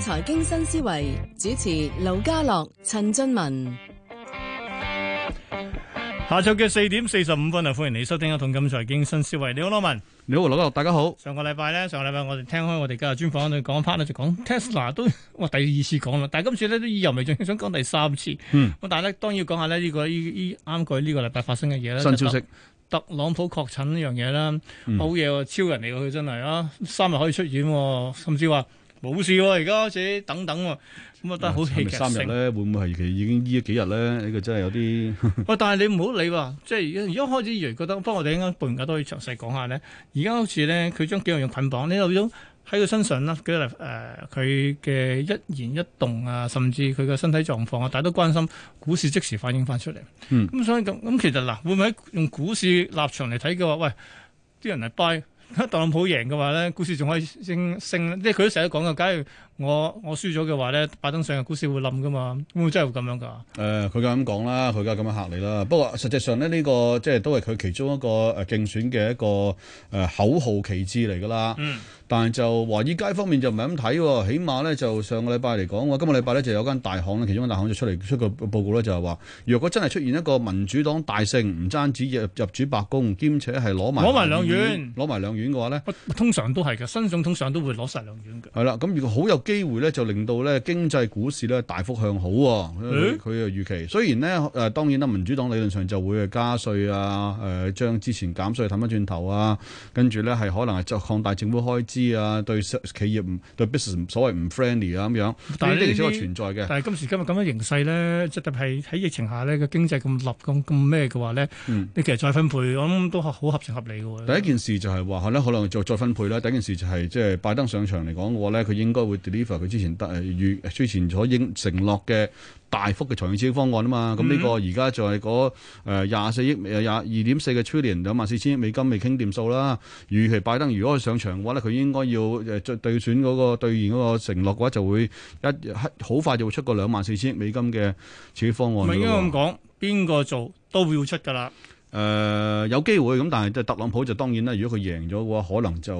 財經新思維，主持劉家樂、陳俊文，下晝嘅四點四十五分啊！歡迎你收聽我同《今財經新思維》。你好，羅文。你好，劉家樂，大家好。上個禮拜呢，上個禮拜我哋聽開我哋今日專訪，對講 part 呢就講 Tesla 都哇第二次講啦，但係今次呢，都意猶未盡，仲想講第三次。咁、嗯、但係呢，當然要講下咧、這、呢個呢呢啱佢呢個禮拜、這個這個這個、發生嘅嘢啦。新消息，特朗普確診呢樣嘢啦，好嘢、嗯，超人嚟嘅佢真係啊，三日可以出院，甚至話。冇事喎、啊，而家好似等等喎、啊，咁啊都係好戲劇性。三日咧，會唔會係其實已經醫咗幾日咧？呢、呢個真係有啲。喂， 但係你唔好理喎，即係而家而家開始，以為覺得，不如我哋啱啱半完都可以詳細講下呢。而家好似呢，佢將幾樣嘢捆綁，你睇到喺佢身上啦，幾多誒佢嘅一言一動啊，甚至佢嘅身體狀況啊，大家都關心，股市即時反映翻出嚟。咁、嗯、所以咁咁，其實嗱，會唔會用股市立場嚟睇嘅話，喂，啲人係拜？當特朗普贏嘅話咧，股市仲可以升升，即係佢都成日講嘅。假如我我輸咗嘅話咧，拜登上日股市會冧噶嘛？真會真係會咁樣噶？誒、呃，佢梗係咁講啦，佢梗係咁樣嚇你啦。不過實際上咧，呢、這個即係都係佢其中一個誒競選嘅一個誒、呃、口號旗幟嚟噶啦。嗯、但係就華爾街方面就唔係咁睇喎。起碼咧就上個禮拜嚟講，我今個禮拜咧就有間大行其中間大行就出嚟出個報告咧，就係話，如果真係出現一個民主黨大勝，唔單止入主白宮，兼且係攞埋攞埋兩院，攞埋兩院嘅話咧、啊，通常都係嘅，新總統通常都會攞曬兩院嘅。係啦，咁如果好有。機會咧就令到咧經濟股市咧大幅向好，佢嘅預期。雖然呢，誒當然啦，民主黨理論上就會係加稅啊，誒將之前減稅氹翻轉頭啊，跟住咧係可能係就擴大政府開支啊，對企業對 business 所謂唔 friendly 啊咁樣。但係呢啲仍然係存在嘅。但係今時今日咁嘅形勢咧，特別係喺疫情下咧個經濟咁立咁咁咩嘅話咧，你其實再分配，我諗都好合情合理嘅喎。第一件事就係話可能就再分配啦。第一件事就係即係拜登上場嚟講嘅話咧，佢應該會佢之前大預、呃，之前所應承諾嘅大幅嘅財政刺激方案啊嘛，咁呢、嗯、個而家就係嗰廿四億，廿二點四嘅 trillion 兩萬四千億美金未傾掂數啦。預期拜登如果上場嘅話咧，佢應該要誒、呃、對選嗰、嗰個兌現嗰個承諾嘅話，就會一好快就會出個兩萬四千億美金嘅刺激方案。唔係，應該咁講，邊個做都會要出㗎啦。誒、呃，有機會咁，但係即係特朗普就當然啦。如果佢贏咗嘅話，可能就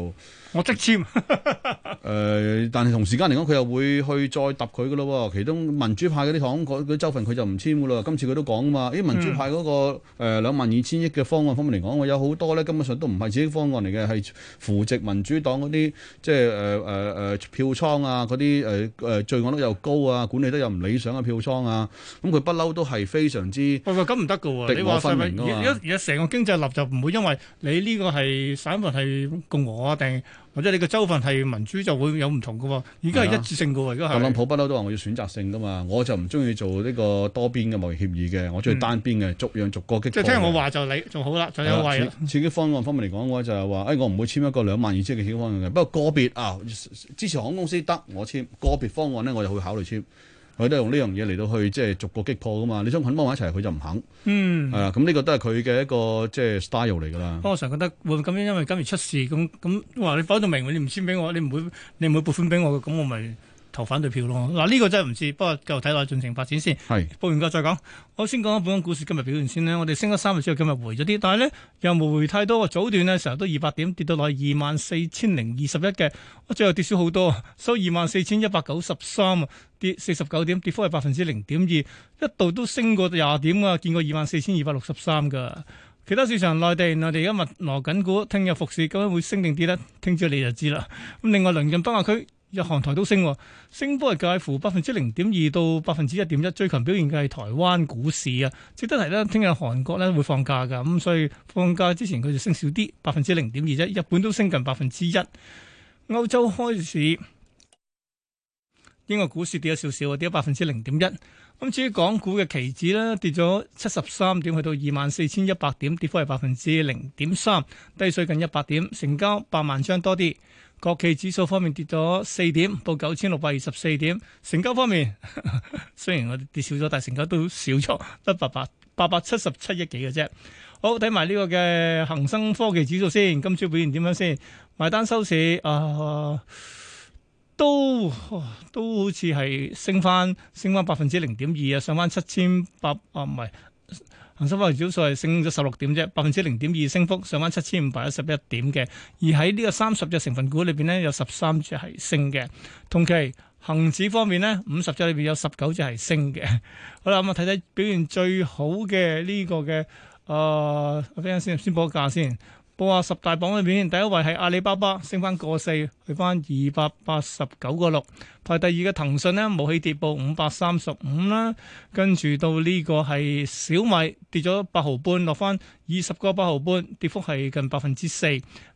我即簽。誒、 呃，但係同時間嚟講，佢又會去再揼佢嘅咯。其中民主派嗰啲黨嗰啲州份，佢就唔簽嘅啦。今次佢都講啊嘛。啲民主派嗰、嗰個誒兩萬二千億嘅方案方面嚟講，我有好多咧根本上都唔係自己方案嚟嘅，係扶植民主黨嗰啲即係誒誒誒票倉啊，嗰啲誒誒罪案率又高啊，管理得又唔理想嘅、啊、票倉啊。咁佢不嬲都係非常之、嗯，咁唔得嘅你話係而家成個經濟立就唔會因為你呢個係省份係共和啊，定或者你個州份係民主就會有唔同嘅喎，而家係一致性嘅喎。而家係特朗普不嬲都話我要選擇性嘅嘛，我就唔中意做呢個多邊嘅貿易協議嘅，我中意單邊嘅、嗯、逐樣逐個擊破即係聽我話就你仲、嗯、好啦，仲有位。啊、刺激方案方面嚟講嘅話就係話，誒、哎、我唔會簽一個兩萬二千嘅刺激方案嘅，不過個別啊支持航空公司得我簽，個別方案咧我就會考慮簽。佢都用呢樣嘢嚟到去即係逐個擊破噶嘛，你想捆綁我一齊，佢就唔肯嗯、啊。嗯，係啊，咁呢個都係佢嘅一個即係 style 嚟㗎啦。不過、嗯、我成日覺得，會咁樣因為今年出事，咁咁話你擺到明，你唔簽俾我，你唔會你唔會撥款俾我嘅，咁我咪。投反對票咯，嗱、啊、呢、呢個真係唔知，不過繼續睇落去進程發展先。是報完價再講。我先講下本港股市今日表現先呢，我哋升咗三日之後，今日回咗啲，但係呢，又冇回太多。早段呢，成日都二百點，跌到落二萬四千零二十一嘅，我最後跌少好多，收二萬四千一百九十三，跌四十九點，跌幅係百分之零點二。一度都升過廿點啊，見過二萬四千二百六十三㗎。其他市場內地，我哋今日攞緊股，聽日復市，咁樣會升定跌咧？聽朝你就知啦。咁另外鄰近北亞區。日韓台都升，升幅係介乎百分之零點二到百分之一點一。最近表現嘅係台灣股市啊，值得提啦。聽日韓國咧會放假㗎，咁所以放假之前佢就升少啲，百分之零點二啫。日本都升近百分之一。歐洲開市，英國股市跌咗少少，跌咗百分之零點一。咁至於港股嘅期指咧，跌咗七十三點，去到二萬四千一百點，跌幅係百分之零點三，低水近一百點，成交八萬張多啲。國企指數方面跌咗四點，到九千六百二十四點，成交方面，呵呵雖然我哋跌少咗，但係成交都少咗得八百八百七十七億幾嘅啫。好，睇埋呢個嘅恒生科技指數先，今朝表現點樣先？埋單收市啊！呃都都好似係升翻，升翻百分之零點二啊，上翻七千八啊，唔係恒生科技指數係升咗十六點啫，百分之零點二升幅，上翻七千五百一十一點嘅。而喺呢個三十隻成分股裏邊咧，有十三隻係升嘅。同期恒指方面咧，五十隻裏邊有十九隻係升嘅。好啦，咁我睇睇表現最好嘅呢個嘅誒，等、呃、先，先報個價先。報下十大榜裏面，第一位係阿里巴巴，升翻個四，去翻二百八十九個六。排第二嘅騰訊呢，無起跌，報五百三十五啦。跟住到呢個係小米，跌咗八毫半，落翻二十個八毫半，跌幅係近百分之四。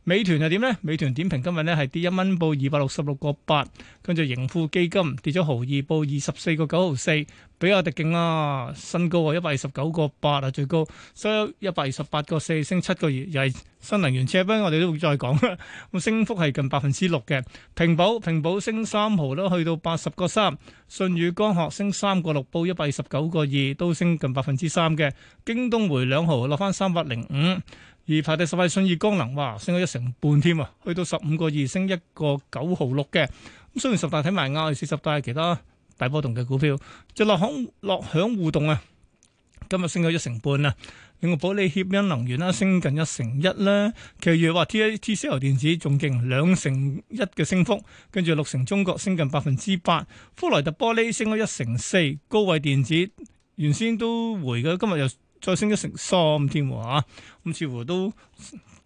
美團係點咧？美團點評今日咧係跌一蚊，報二百六十六個八。跟住盈富基金跌咗毫二，報二十四個九毫四，比亞迪勁啦，新高啊，一百二十九個八啊，最高收一百二十八個四，升七個二又係新能源車兵，我哋都會再講啦。咁升幅係近百分之六嘅。平保平保升三毫都，去到八十個三。舜宇光學升三個六，報一百二十九個二，都升近百分之三嘅。京東回兩毫，落翻三百零五。而排第十位信義光能，哇，升咗一成半添啊，去到十五個二，升一個九毫六嘅。咁雖然十大睇埋啱，四十大係其他大波動嘅股票。就樂享樂享互動啊，今日升咗一成半啊。另外保利協鑫能源啦，升近一成一啦。其餘話 TCL 電子仲勁兩成一嘅升幅，跟住六成中國升近百分之八，福萊特玻璃升咗一成四，高偉電子原先都回嘅，今日又，再升咗成三添嚇、啊，咁、嗯、似乎都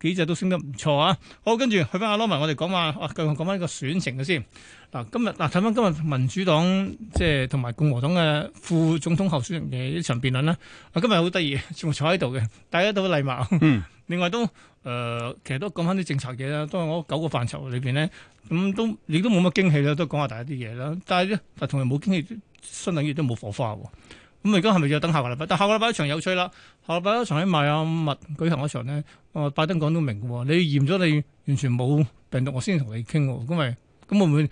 幾隻都升得唔錯啊！好，跟住去翻阿羅文下，我哋講下，繼續講翻呢個選情嘅先。嗱、啊，今日嗱睇翻今日民主黨即係同埋共和黨嘅副總統候選人嘅一場辯論啦、啊。啊，今日好得意，仲坐喺度嘅，大家都好禮貌。嗯、另外都誒、呃，其實都講翻啲政策嘢啦，都係我九個範疇裏邊咧，咁都亦都冇乜驚喜啦，都講下第一啲嘢啦。但係咧，但同樣冇驚喜，新領域都冇火花。咁而家係咪要等下個禮拜？但下個禮拜一場有趣啦，下個禮拜一場喺邁阿密舉行嗰場咧，阿拜登講都明嘅喎，你驗咗你完全冇病毒，我先同你傾喎。咁咪咁會唔會到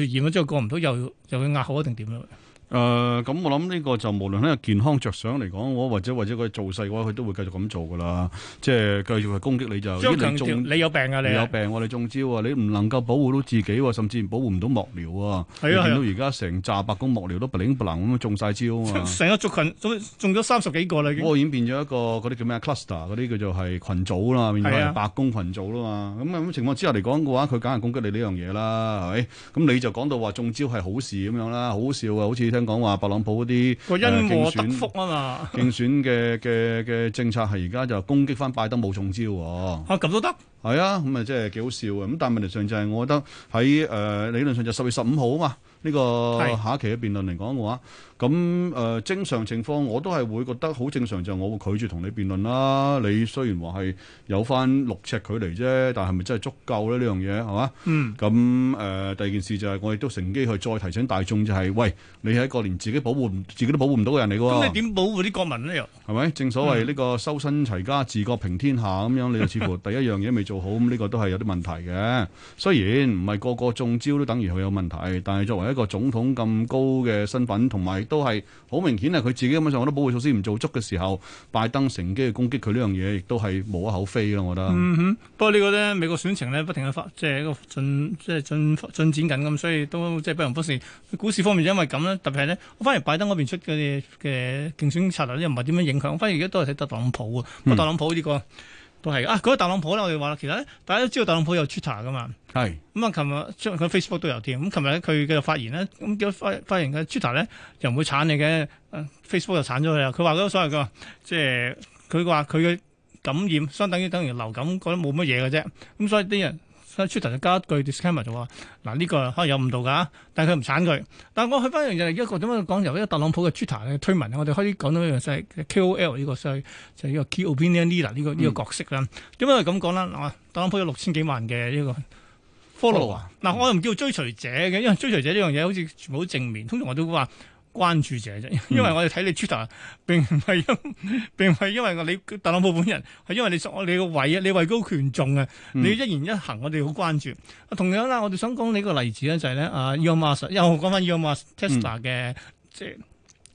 時驗咗之後過唔到，又又要押後一定點樣？誒，咁我諗呢個就無論喺個健康着想嚟講嘅話，或者或者佢做勢嘅話，佢都會繼續咁做噶啦。即係繼續去攻擊你就，你中你有病啊！你有病！我哋中招啊！你唔能夠保護到自己，甚至保護唔到幕僚啊！你見到而家成紮白宮幕僚都 bling bling 咁樣中晒招啊！成個族群都中咗三十幾個啦，已經。我演變咗一個嗰啲叫咩 cluster，嗰啲叫做係群組啦，變翻白宮群組啦嘛。咁咁情況之下嚟講嘅話，佢梗係攻擊你呢樣嘢啦，係咪？咁你就講到話中招係好事咁樣啦，好好笑啊！好似～聽講話，特朗普嗰啲個因禍得福啊嘛、呃，競選嘅嘅嘅政策係而家就攻擊翻拜登冇中招，吓，咁都得係啊，咁啊即係幾好笑啊。咁、啊、但係問題上就係，我覺得喺誒、呃、理論上就十月十五號啊嘛、呢、這個下一期嘅辯論嚟講嘅話。咁誒、呃、正常情況我都係會覺得好正常，就係、我會拒絕同你辯論啦。你雖然話係有翻六尺距離啫，但係咪真係足夠咧？呢樣嘢係嘛？嗯。咁、呃、誒第二件事就係、係、我亦都乘機去再提醒大眾、就係，就係喂，你係一個連自己保護、自己都保護唔到嘅人嚟㗎喎。咁你點保護啲國民呢？又係咪？正所謂呢個修身齊家、治國平天下咁樣，你就似乎第一樣嘢未做好，咁呢 個都係有啲問題嘅。雖然唔係個個中招都等於佢有問題，但係作為一個總統咁高嘅身份同埋。都係好明顯係佢自己根本上好多保護措施唔做足嘅時候，拜登乘機去攻擊佢呢樣嘢，亦都係無可厚非咯。我覺得。嗯哼，不過呢個咧美國選情咧不停係發，即係一個進，即係進進展緊咁，所以都即係不容忽視。股市方面因為咁咧，特別係呢，我反而拜登嗰邊出嘅嘅競選策略又唔係點樣影響。反而而家都係睇特朗普啊，特朗普呢個都係啊，講起特朗普咧，我哋話啦，其實大家都知道特朗普有 Twitter 㗎嘛。係咁啊！琴日佢 Facebook 都有添。咁琴日咧，佢嘅發言咧，咁叫發發言嘅 Twitter 咧，又唔會鏟你嘅。Facebook 就鏟咗佢啦。佢話嗰個所謂個即係佢話佢嘅感染相等於等於流感，覺得冇乜嘢嘅啫。咁所以啲人喺 Twitter 就加一句 Disclaimer 就話，嗱呢個可能有誤導㗎，但係佢唔鏟佢。但係我去翻一樣嘢，一個點樣講？由一個特朗普嘅 Twitter 嘅推文，我哋可以講到一樣嘢，K.O.L 呢個就係呢個 Key Opinion Leader 呢個呢個角色啦。點解咁講咧？特朗普有六千幾萬嘅呢個，follow 啊，嗱，我又唔叫追隨者嘅，因為追隨者呢樣嘢好似全部好正面，通常我都話關注者啫，因為我哋睇你 Twitter，並唔係因，並唔係因為你特朗普本人，係因為你所你個位啊，你，位，你位高權重啊，你要一言一行我哋好關注、啊。同樣啦，我哋想講你個例子咧，就係、是、咧啊，Elon Musk、e、又講翻 e o m a s、嗯、s Tesla 嘅即係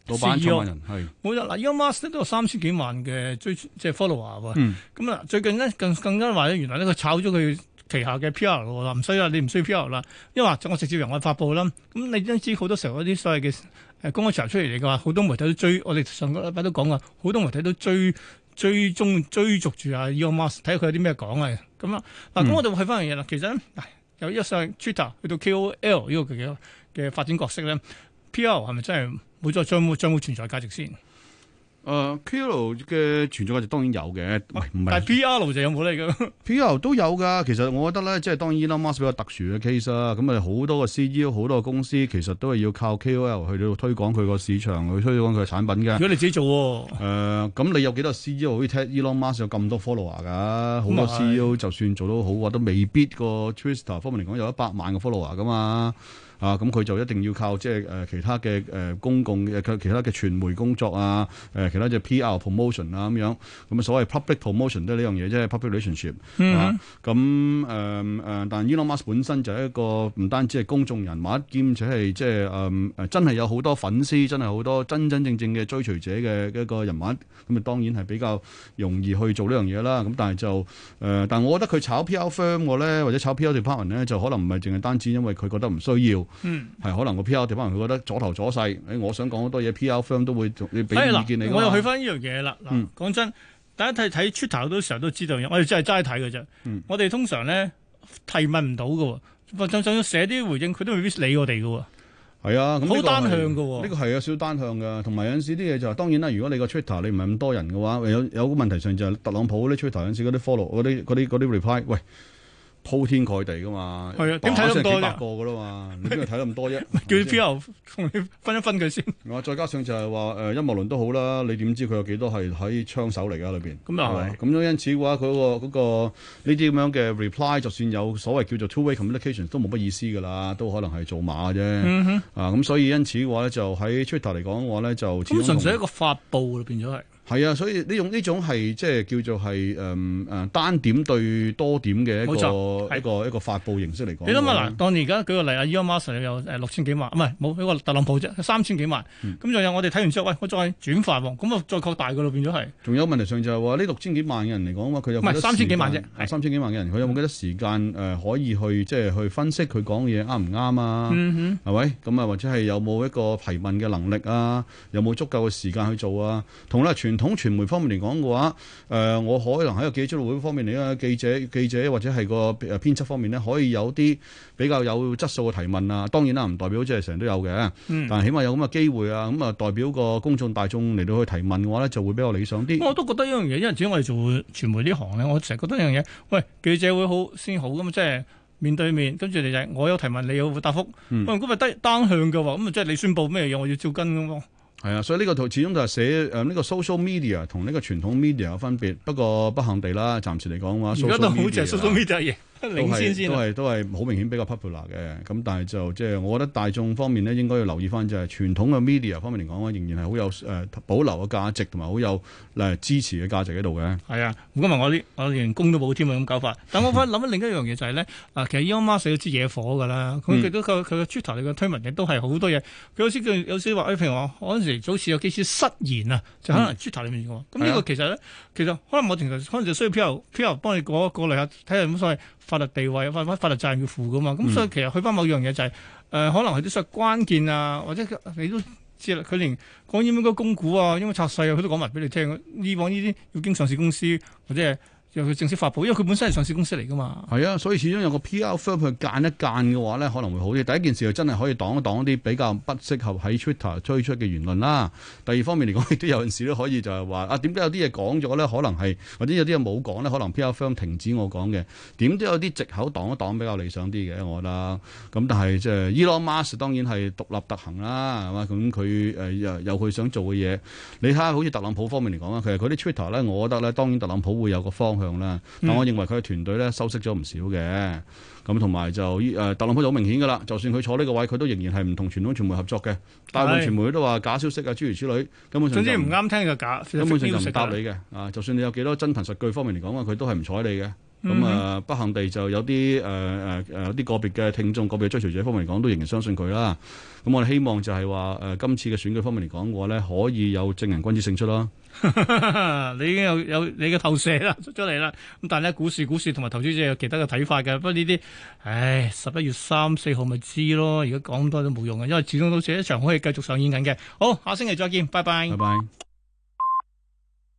老闆創辦人係，冇錯，嗱 Elon Musk 咧都有三千幾萬嘅追即係 follower 喎，咁、就是嗯、啊最近呢，更更加話咧，原來呢，佢炒咗佢。旗下嘅 PR 啦，唔需要啦，你唔需要 PR 啦，因為我直接由我發布啦。咁你都知好多時候嗰啲所謂嘅誒公關場出嚟嚟嘅話，好多媒體都追。我哋上個禮拜都講過，好多媒體都追追，追蹤追逐住啊，Your Mask 睇下佢有啲咩講啊。咁啊嗱，咁我哋去翻樣嘢啦。其實由一上 Twitter 去到 KOL 呢個嘅嘅發展角色咧，PR 係咪真係冇咗將會將會存在價值先？誒、呃、，K O L 嘅存在就當然有嘅，啊、是但係 P R 就有冇嚟噶？P R 都有噶，其實我覺得咧，即係當然 Elon Musk 比較特殊嘅 case 啦、啊，咁啊好多嘅 C E O 好多公司其實都係要靠 K O L 去到推廣佢個市場，去推廣佢嘅產品嘅。如果你自己做、啊，誒、呃，咁你有幾多 C E O 可以睇 Elon Musk 有咁多 follower 噶、啊？是好多 C E O 就算做到好，都未必個 Twister 方面嚟講有一百萬個 follower 噶嘛。啊，咁佢就一定要靠即係誒其他嘅誒公共嘅其他嘅傳媒工作啊，誒、呃、其他嘅 P.R.promotion 啊，咁樣，咁所謂 public promotion 都係呢樣嘢啫，public relationship 啊，咁誒誒，但 Elon Musk 本身就係一個唔單止係公眾人物，兼且係即係誒誒真係有好多粉絲，真係好多真真正正嘅追隨者嘅一個人物，咁啊當然係比較容易去做呢樣嘢啦。咁但係就誒、呃，但係我覺得佢炒 P.R.firm 我咧，或者炒 PR department 咧，就可能唔係淨係單止因為佢覺得唔需要。嗯，係可能個 P.R. 地方，佢覺得左頭左勢，誒、哎，我想講好多嘢，P.R. 方都會同你俾意見你。我又去翻呢樣嘢啦。嗯，講真，大家睇睇 Twitter 都成日都知道我哋真係齋睇嘅啫。我哋、嗯、通常咧提問唔到嘅，甚至甚至寫啲回應佢都未必理我哋嘅。係啊，咁好單向嘅。呢個係有少少單向嘅，同埋有陣時啲嘢就係、是，當然啦，如果你個 Twitter 你唔係咁多人嘅話，有有個問題上就係、是、特朗普嗰啲 Twitter 有陣時嗰啲 follow 嗰啲嗰啲 reply 喂。鋪天蓋地噶嘛，咁睇咗幾百個噶啦嘛，點解睇得咁多啫？ 叫 PR RO 同 你分一分佢先。啊， 再加上就係話誒陰謀論都好啦，你點知佢有幾多係喺槍手嚟噶裏邊？咁又係。咁、嗯、樣因此嘅話，佢嗰、 嗯嗯、個呢啲咁樣嘅 reply，就算有所謂叫做 two-way communication 都冇乜意思噶啦，都可能係做馬啫。啊，咁所以因此嘅話咧，就喺 Twitter 嚟講嘅話咧，就咁純粹一個發布變咗係。係啊，所以呢種呢種係即係叫做係誒誒單點對多點嘅一個錯一個，的一，個一個發佈形式嚟講。你諗下啦，當而家舉個例啊，Elon Musk 有六千幾萬，唔係冇呢個特朗普啫，三千幾萬。咁又、嗯、有我哋睇完之後，喂，我再轉發喎，咁啊再擴大嘅咯，變咗係。仲有問題上就係話呢六千幾萬嘅人嚟講話，佢有唔係三千幾萬啫，三千幾萬嘅人，佢有冇幾多時間誒的、呃、可以去即係去分析佢講嘅嘢啱唔啱啊？好好嗯哼，係咪咁啊？或者係有冇一個提問嘅能力啊？有冇足夠嘅時間去做啊？同咧傳。從傳媒方面嚟講嘅話，誒、呃，我可能喺個記者交流會方面嚟啊，記者、記者或者係個誒、呃、編輯方面呢，可以有啲比較有質素嘅提問啊。當然啦，唔代表即係成日都有嘅，嗯、但係起碼有咁嘅機會啊。咁、嗯、啊，代表個公眾大眾嚟到去提問嘅話呢，就會比較理想啲。我都覺得一樣嘢，因為主要我哋做傳媒呢行呢，我成日覺得一樣嘢，喂，記者會好先好㗎嘛，即係面對面，跟住你就我有提問，你有冇答覆。喂、嗯，如果咪單單向嘅話，咁啊，即係你宣佈咩嘢，我要照跟㗎。係啊，所以呢個圖始終就係寫誒呢、嗯呢個 social media 同呢個傳統 media 有分別，不過不幸地啦，暫時嚟講嘅話，而家都好似係 social media 嘅嘢。 都先都係都係好明顯比較 popular 嘅，咁但係就即係、就是、我覺得大眾方面呢，應該要留意翻就係、是、傳統嘅 media 方面嚟講仍然係好有誒、呃、保留嘅價值同埋好有誒、呃、支持嘅價值喺度嘅。係啊，今我今日我啲我員工都冇添啊，咁搞法。但我翻諗翻另一樣嘢就係、是、呢，啊 其實 e m 死咗支野火㗎啦，佢佢都佢嘅 Twitter 嘅推文亦都係好多嘢。佢好似佢有時話譬如話嗰陣時早市有幾次失言啊，就可能 Twitter 裡面講。咁呢、嗯、個其實呢，是啊、其實可能冇程可能就需要 PR 幫你過過嚟下睇下有乜所謂。法律地位、法律法律責任要負噶嘛？咁所以其實去翻某樣嘢就係，誒、呃、可能係啲所謂關鍵啊，或者你都知啦，佢連講點樣個供股啊，因為拆細啊，佢都講埋俾你聽。以往呢啲要經上市公司或者。由佢正式發布，因為佢本身係上市公司嚟㗎嘛。係啊，所以始終有個 PR firm 去間一間嘅話咧，可能會好啲。第一件事就真係可以擋一擋啲比較不適合喺 Twitter 推出嘅言論啦。第二方面嚟講，亦都有陣時都可以就係話啊，點解有啲嘢講咗咧，可能係或者有啲嘢冇講咧，可能 PR firm 停止我講嘅。點都有啲藉口擋一，擋一擋比較理想啲嘅，我覺得。咁但係即係 Elon Musk 當然係獨立特行啦，係嘛？咁佢誒又有佢想做嘅嘢，你睇下好似特朗普方面嚟講啦。其實佢啲 Twitter 咧，我覺得咧，當然特朗普會有個方。向啦，但係我認為佢嘅團隊咧收息咗唔少嘅，咁同埋就依誒特朗普就好明顯㗎啦。就算佢坐呢個位，佢都仍然係唔同傳統傳媒合作嘅，大部分傳媒都話假消息啊諸如此類。根本上總之唔啱聽嘅假，根本上就唔答你嘅啊！就算你有幾多真憑實據方面嚟講啊，佢都係唔睬你嘅。咁啊，不幸、嗯嗯呃、地就有啲誒誒誒有啲個別嘅聽眾、個別追隨者方面嚟講，都仍然相信佢啦。咁我哋希望就係話誒今次嘅選舉方面嚟講嘅話咧，可以有正人君子勝出啦。 你已經有有你嘅投射啦出咗嚟啦。咁但係咧，股市、股市同埋投資者有其他嘅睇法嘅。不過呢啲，唉，十一月三四號咪知咯。而家講咁多都冇用嘅，因為始終都只係一場可以繼續上演緊嘅。好，下星期再見，拜拜。拜拜。